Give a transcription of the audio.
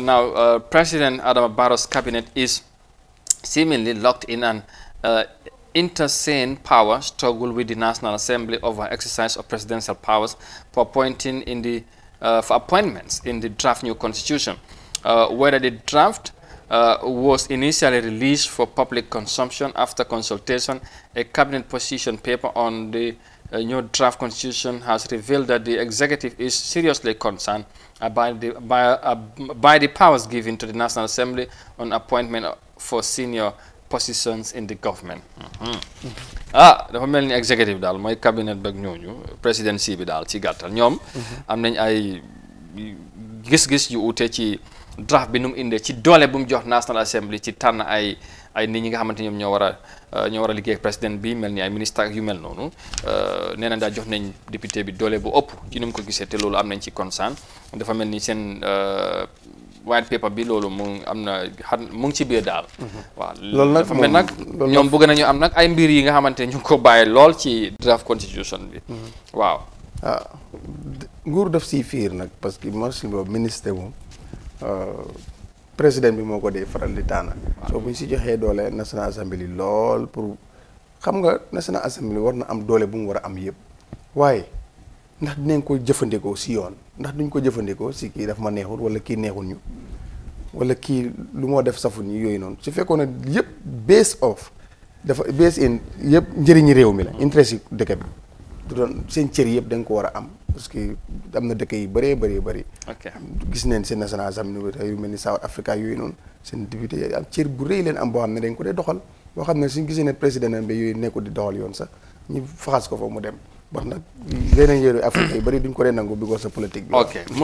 now, uh, President Adam Barrow's cabinet is seemingly locked in an uh, internecine power struggle with the National Assembly over exercise of presidential powers for appointing in the uh, for appointments in the draft new constitution. Uh, whether the draft uh, was initially released for public consumption after consultation, a cabinet position paper on the a new draft constitution has revealed that the executive is seriously concerned by the, by, uh, by the powers given to the National Assembly on appointment for senior positions in the government. Mm-hmm. ah the mel executive dal my cabinet beeg ñooñu presidency bi daal ci gàttal ñoom. Mm-hmm. am nañ ay. gis-gis yu uté ci draft bi num indé ci doole bu mu jox National Assembly ci tan ay ay nit ñi nga xamanteni ñom ño wara euh, ño wara liggéey ak président bi melni ni ay ministre ak yu mel nonu euh néna da jox nañ député bi doole bu upp ci num ko gisé té loolu am nañ ci concern dafa melni sen seen euh, white paper bi loolu mu am na mu ngi ci biir dal mm-hmm. wa loolu nak moom nak ñom bëgg nañu am nak ay mbir yi nga xamanteni ñu ko bàyyi lol ci draft constitution bi. Mm-hmm. waaw. ah nguur def si fiir nag parce que marché boobu ministre moom ah, président bi moo ko dee faral di taana soo bu ñu si joxee doole national assembly lool pour xam nga national assembly war na am doole bu mu war a am yëpp. waaye ndax dinañ ko jëfandikoo si yoon ndax duñ ko jëfandikoo si kii daf ma neexul wala kii neexul ñu wala kii lu moo def safu ñu yooyu noonu su fekkoon ne yëpp bees of dafa bees in yëpp njëriñu réew mi la. interest yi dëkk bi. du doon seen cër yëpp da nga ko war a am parce que am na dëkk yu bëree bëri bëri. ok gis neen seen national assemblée yu mel ni South Africa yooyu noonu seen député am cër bu rëy leen am boo xam ne dañ ko dee doxal boo xam ne suñ gisee ne président bi yooyu nekkul di doxal yoon sax ñu faxas ko fa mu dem bon nag leneen yu bëri duñ ko dee nangu bi sa politique bi.